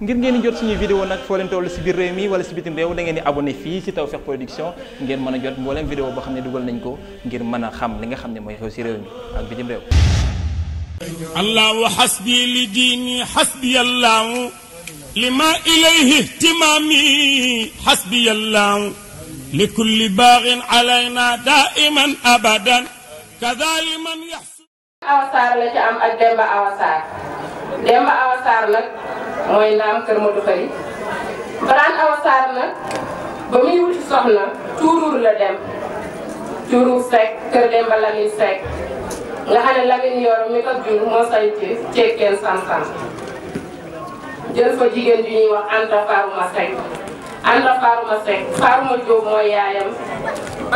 ngir ngeen di jot suñuy vidéo nag foo leen si biir réew mi wala si bitim réew da ngeen di abonné fii si Tawfekh Production ngeen mën a jot mbooleem vidéo boo xam ne dugal nañ ko ngir mën a xam li nga xam ne mooy xew si réew mi ak bitim réew allahu xasbi li diini xasbi allahu lima ilayhi ihtimaami xasbi allahu li kulli baaxin alayna daiman abadan kadali man yaxsu awasaar la ci am ak demba awasaar demba mooy naam kër Modou Khari Barhane Awa Sarr nag ba muy wuti soxna tuuruur la dem tuuruur Seck kër Demba Lamine Seck nga xam ne Lamine Yoro mi ko jur moo sañ ci ceekeen sam-sam jël fa jigéen ju wax Anta Farouma Seck Anta Farouma Seck Farouma Diop mooy yaayam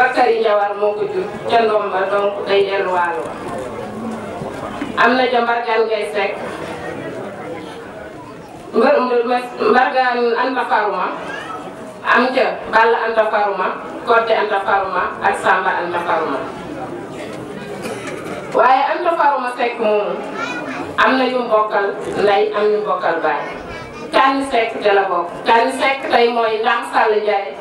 Bakary Ndiawar moo ko jur ca ndomba donc day delluwaale am na ja Mbargane Ngay Seck mbër mbargaan anta faruma am ca balla anta faruma kodde anta faruma ak samba anta faruma waaye anta faruma sekk moomu am na ñu mbokkal ndey am ñu mbokkal baay Kani Seck de la bokk Kani Seck tey mooy Ndam Sall Ndiaye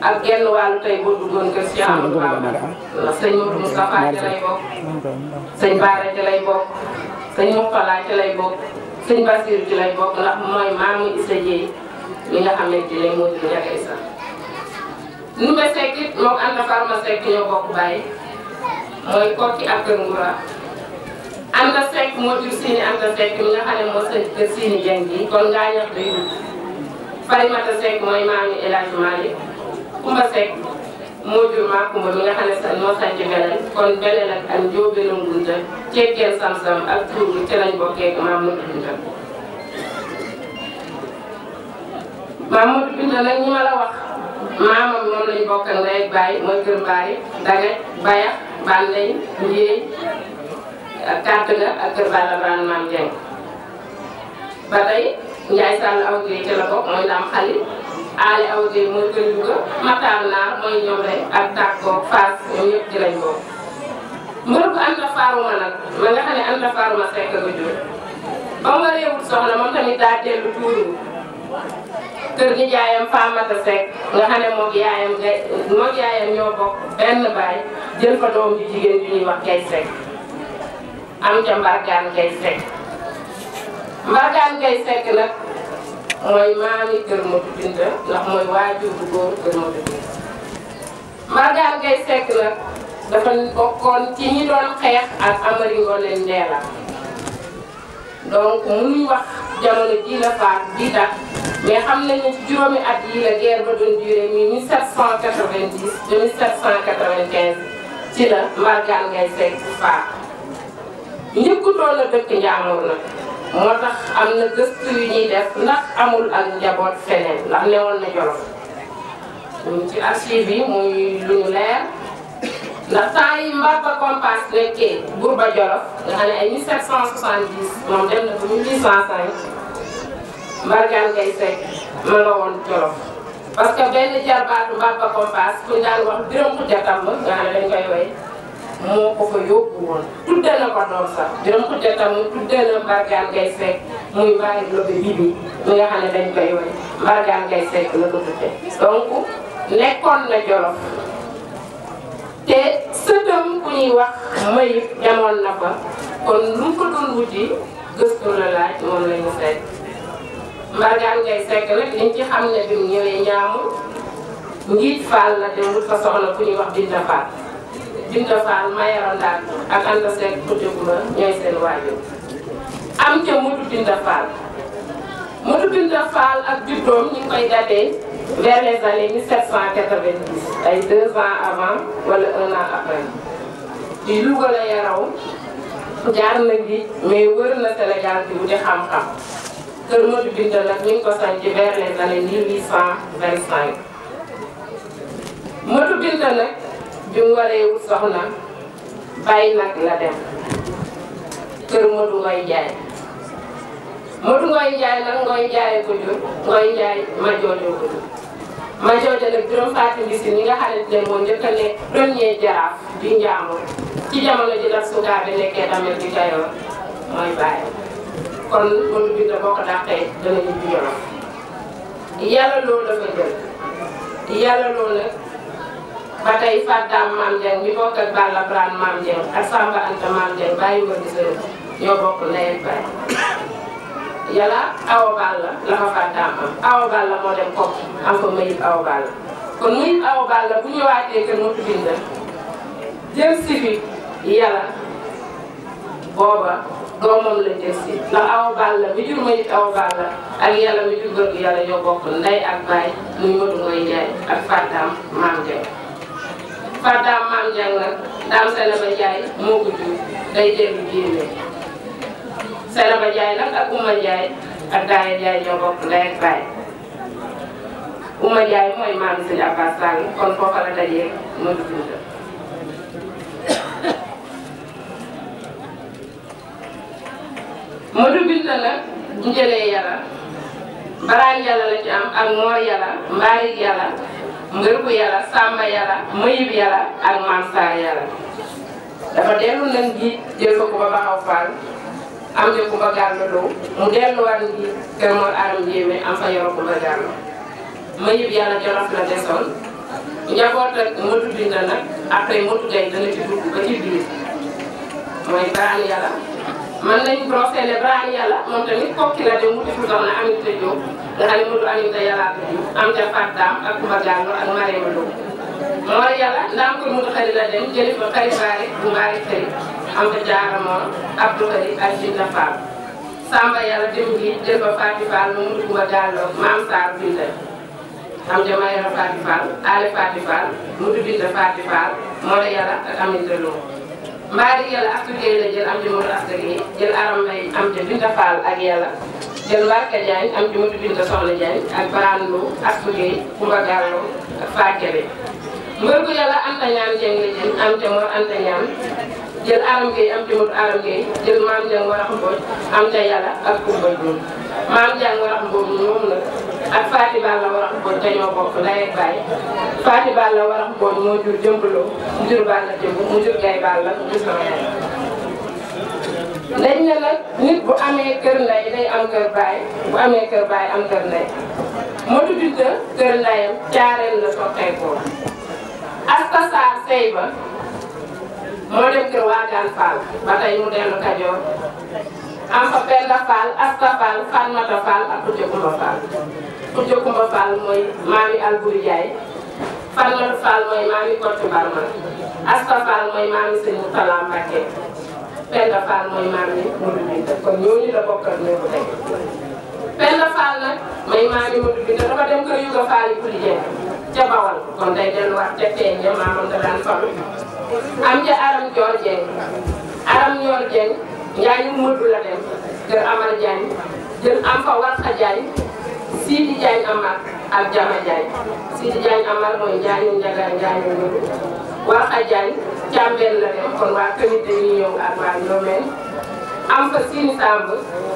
ak genn wàllu tey boo duggoon kër si Amadou Bamba ndax sëñ Modou Moustapha lay bokk sëñ Baara ci lay bokk lay bokk sëñ Basiru ci lañ bokk ndax mooy maamu Isa mi nga xamante ne moo jur Njaga Isa nu ba sekk it moom Anta Farma Sekk ñoo bokk bàyyi mooy kokki ak kër Ngura Anta Sekk moo jur Siini Anta Sekk mi nga xam ne moo sëñ kër Siini Jeng gi kon ngaa ñax day wut Farimata Sekk mooy maamu El Hadj Malick Kumba moo jur Makumba mi nga xam ne sax moo sànci Belel kon Belel ak ak Ndiobéne Ngunta cekkeen Samsam ak tur bi ci bokkee ak maam Modou Binta. maam Modou Binta nag ñi ma la wax maamam moom lañ bokk ak ndey ak baay mooy kër baay Bayax Bandey Ndiéy kàtt ga ak kër maam Dieng ba tey Ndiaye Sall aw ci la bokk mooy Lam Xali. Aly Awa Gueye mooy kër Louga Matar Naar mooy ñoom rek ak Tàkkoog Fass ñoom ñëpp di lañ moom. mbër bu Anta nag ma nga xam ne Anta Farouma sekk nga xam ne moog yaayam gay yaayam ñoo bokk benn baay jël fa doom ju jigéen ju ñuy wax Gay am ca Mbargaan Gay Seck Mbargaan Gay Seck nag. mooy maami Kër Matu Binta ndax mooy waajur bu góor Kër Matu Binta Margaan Gay Sekk nag dafa bokkoon ci ñi doon xeex ak Amari Ngoone Ndeela donc munuñ wax jamono ji la faat di tax mais xam nañu juróomi at yi la guerre ba doon duré mi 1790 de 1795 ci la Margaan Gay Sekk faat njëkkutoon na dëkk Njaambur nag moo tax am na gëstu yu ñuy def ndax amul ak njaboot feneen ndax newoon na Jolof ci archive yi muy lu ñu leer ndax temps yi Mbaba Kompas nekkee Bourba Jolof nga xam ne ay 1770 moom ngay Seck ma la woon Jolof parce que benn jarbaatu Mbaba Kompas ku ñu daan wax biram ku jatam ba nga xam ne dañ koy moo ko fa yóbbu woon tuddee na ko doom sax dina ko tuddee tam tuddee na Mbargaan Gay Seck muy bàyyi lobe bii bi nga xam ne dañ koy woy Mbargaan Gay Seck la ko tuddee donc nekkoon na Jolof te sëtam ku ñuy wax mayib demoon na ko kon lu mu ko doon wuti gëstu la laaj moom la ñu seet Mbargaan Gay Seck nag liñ ci xam ne bi ñëwee ñaamu njiit Fall la dem wut fa soxna ku ñuy wax Binta Fall Binta Fall Mayoro Ndaat ak Anta Seck Couté Gouma ñooy seen waajur am ca Mutu Binta Fall Mutu Binta Fall ak juddoom ñu ngi koy datee vers les années 1790 ay deux ans avant wala un an après di Louga la yaraw jaar na gi mais wër na Sénégal di wuti xam-xam kër Modou Binta nag ñu ngi ko sañ ci vers les années 1825 Modou Binta nag bi mu waree wut soxna bàyyi nag la dem kër Modou Ngoy Njaay Modou Ngoy Njaay nag Ngoy Njaay ko jur Ngoy Njaay ma joojo ko jur ma joojo nag juróom faati mbisi ñi nga xamante ne moo njëkk a nekk premier jaraaf di njaamu ci jamono ji daf sukaa bi nekkee tamit di Kayoor mooy bàyyi kon mënu bi da boo ko dàqee danañu bi yorof yàlla loolu la fa jël yàlla ba tey Fataam Maam Dieng mi bokk ak Balla Brane Maam Dieng ak Samba Anta Maam Dieng ma gisee ñoo bokk nawet bàyyi. yàlla awa Balla la ma Fataam am awa Balla moo dem Kokki am ko mayib awa Balla kon mayib awa Balla bu ñëwaatee kër Moutou Binda jël si fi yàlla booba doomam la jël si ndax awa Balla mi jur mayib awa Balla ak yàlla mi jur góor gi yàlla ñoo bokk ndey ak baay muy Modou Ngoy Ndiaye ak Fataam Maam Dieng. far daam maam njàng nag daam Seenaba Njaay moo ko jur day dellu génne Seenaba Njaay nag ak Uma Njaay ak Daaya Njaay ñoo bokk ndey ak baay Uma Njaay mooy maam sëñ Abbas Sall kon foofa la dajee moo di dund Modou Binta nag njëlee yàlla baraan yàlla la ci am ak moor yàlla mbaarig yàlla ngërbu yàlla sàmba yàlla mayib yàlla ak mansaar yàlla dafa dellu nan ngi jël ku ba baxaw faal am jo ku ba gàllu dow mu delluwaat ngi kër moor aram jéeme am fa yoro ku ba gàllu mayib yàlla jolof la desoon njaboot ak matu binda nag après matu gay dana ci dugg ba ci biir mooy baraan yàlla man nañ brosé ne baraan yàlla moom tamit kokki la dem wuti fu dox na amit a jóg nga xam ne Modou Aminta yàllaa am ca Fatou Dame ak Touba Diallo ak Marème Lo moo war yàlla ndaam ko Modou xarit la dem jëli fa xarit baari bu mbaari am fa jaara moom Abdou Xarit ak Binta Fall Samba yàlla dem gi jël fa Fatou Fall mu Modou Touba Diallo maam Sarr Binta am ca Mayoro Fatou Fall Ale Fatou Fall Modou Binta Fatou Fall moo la ak Aminta Lo mbaari yàlla ak Tukkee la jël am ca Modou Asta Gueye jël aram may am ca Binta Fall ak yàlla jël Mbarka Diagne am ju ma tudd Binta ak Barane Lo Asou Gueye Bouba Gallo ak Fakebe mbër bu yàlla Anta Ñaan Dieng la jël am te Mor Anta Ñaan jël Aram Gueye am te Modou Aram jël Maam Dieng war a xambooj am te yàlla ak Koumba Dioum Maam Dieng war a xambooj moom la ak Faati Balla war a xambooj te ñoo bokk ndey ak Faati Balla war a xambooj moo jur jëmbaloo mu jur Balla jëmb mu jur Gaye Balla mu jur sama yaay lañ ne nag nit bu amee kër ndey day am kër baay bu amee kër baay am kër ndey Modou Binta kër ndeyam caareel la sotteekoo Asta Sarr sey ba moo dem kër Waagaan Fall ba tey mu dellu Kajoor am fa Penda Fall Asta Fall Fatmata Fall ak Koutia Kumba Fall Koutia Kumba Fall mooy maami Alburi Jaay Fatmata Fall mooy maami Kocc Barma Asta Fall mooy maami Sëñ Mutala Mbàkke Penda Fall mooy maam yi Modou Binta kon ñooñu la bokkal néew bu tey Penda Fall nag may maam dem kër Yuga Fall yi Kuli ca Bawal kon day delluwaat ca feeñ ya maamam da daan falu am ja Aram Joor Jeng Aram Joor Jeng Njaañu Modou la dem kër Amar Diagne jël am fa Warxa Diagne Sidi Diagne Amar ak Jama Diagne Sidi Diagne Amar mooy Njaañu Njaga Njaañu Modou Warxa Diagne Cambérène la ne kon waa comité dañuy ñëw ak waa Ndiomen am fa Sine Samb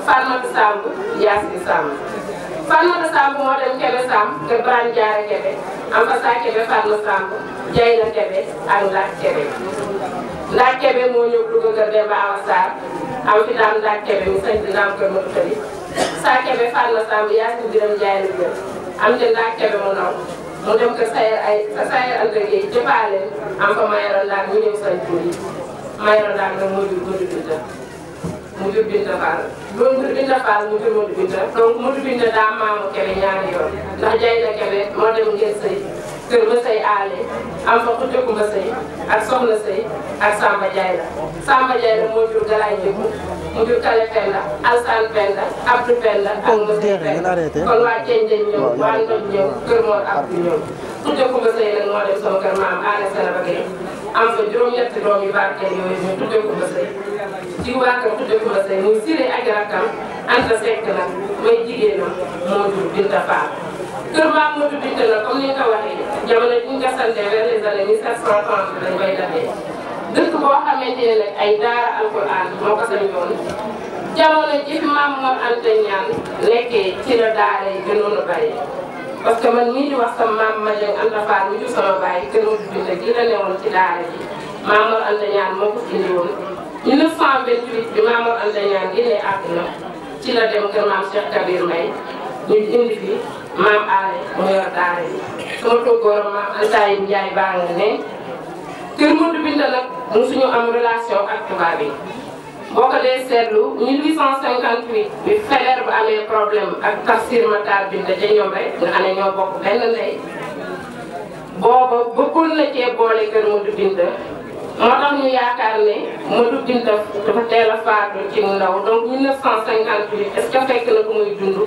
Farmata Samb Yacine Samb Farmata Samb moo dem Kébé Samb te Birane Diarra Kébé am fa saa Kébé Farma Samb Dieyna Kébé ak Ndack Kébé Ndack Kébé moo ñëw Louga Kër Demba Awa Sarr am fi daam Ndack Kébé mu sañ di daam kër Moutali saa Kébé Farma Samb am te Ndack Kébé mu naw mu dem ko Sayer ay Sayer Anta Gueye jëfaaleen am fa Mayoro Ndaak ñu ñëw sañ ko yi Mayoro Ndaak nag moo jur Modou Binta mu jur Binta Fall loolu jur Binta Fall mu jur Modou Binta donc Modou Binta daa maamu Kébé ñaari yoon ndax jay na Kébé moo dem ngeen sëy kër ma sëy aale am fa xuteku ma sëy ak soxna sëy ak Samba Jaay la Samba Jaay la moo jur Galaay Njëgu mu jur Kale Penda Alsaan Penda Abdou Penda ak ma sëy Penda kon waa Ceeñ dañ ñëw waa Ndoj ñëw kër Mor Abdou ñëw Koudia Koumba Seye nag moo dem sama kër maam Aane Saraba Gueye am fa juróom-ñetti doom yu barkeel yooyu ñu Koudia Koumba Seye ci waa kër Koudia Koumba Seye muy Siré ak rakkam Anta Seck nag may jigéenam moo jur Binta Fall kër maam moo jur Binta nag comme ni nga ko waxee jamono ji ñu ko sante vers les années 1730 lañ koy defee dëkk boo xamante ne nag ay daara alquran moo ko sañ yoon jamono ji maam moo Anta ñaan nekkee ci la daara yi gënoon a bari parce que man nii ñu wax sama maam ma jëng Anta Fall mi jur sama bàyyi kër mu juddite gi la newoon ci daara ji Maamor Anta Ñaan moo ko indi woon 1928 bi Maamor Anta Ñaan génnee àdduna ci la dem kër maam Cheikh Kabir Mbaye ñu indi fi maam Aale mu yor daara ji sama toggooram maam Anta Njaay baa nga ne kër Modou Binta nag mosuñu am relation ak tubaab yi boo ko dee seetlu 1858 bi Faidherbe bu amee problème ak Tafsir Matar Binta ca Ñombe nga xam ne ñoo bokk benn na cee boole kër Modou Binta moo tax mu ndaw donc 1958 na ko muy dund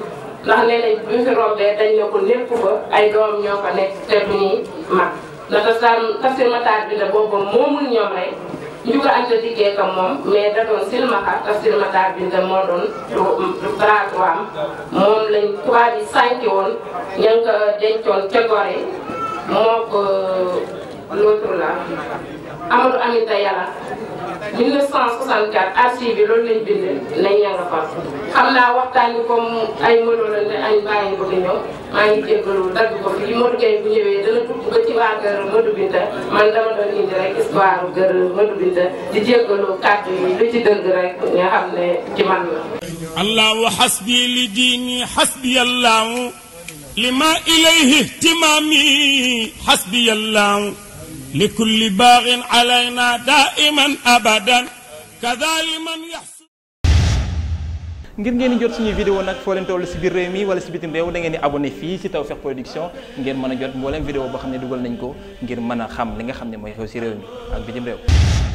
ndax nee mu fi rombee dañ ne ko lépp ba ay doom ñoo ko nekk te du ñuy mag ndax Tafsir Matar Binta booba moomul ñoom rek. Njuga Anta diggee ko moom mais da doon silmaxa te silmaxa binda moo doon bras droit moom lañ tubaab yi sànki woon ña nga dencoon ca Gorée moo ko euh, l'autre la Amadou Aminta Yalla 1964 archive bi a lañ bind nañ ña nga fa xam naa waxtaan bi comme ay mënoo la ne ay bàyyi ko di ñëw maa ngi jéggalu dagg ko fii Modou Gueye bu ñëwee dana dugg ba ci gër Modou Binta man dama doon indi rek histoire gër Modou Binta di jéggalu kàddu yi lu ci dëgg rek nga xam ne ci man la allahu xasbi li diini xasbi allahu lima ilayhi ihtimaami xasbi allahu likulli baaxin alayna daiman abadan kadali man yaxsu ngir ngeen di jot suñuy vidéo nag foo leen toll si biir réew mi wala si bitim réew da ngeen di abonné fii si Tawfekh Production ngeen mën a jot mbooleem vidéo boo xam ne dugal nañ ko ngir mën a xam li nga xam ne mooy xew si réew mi ak bitim réew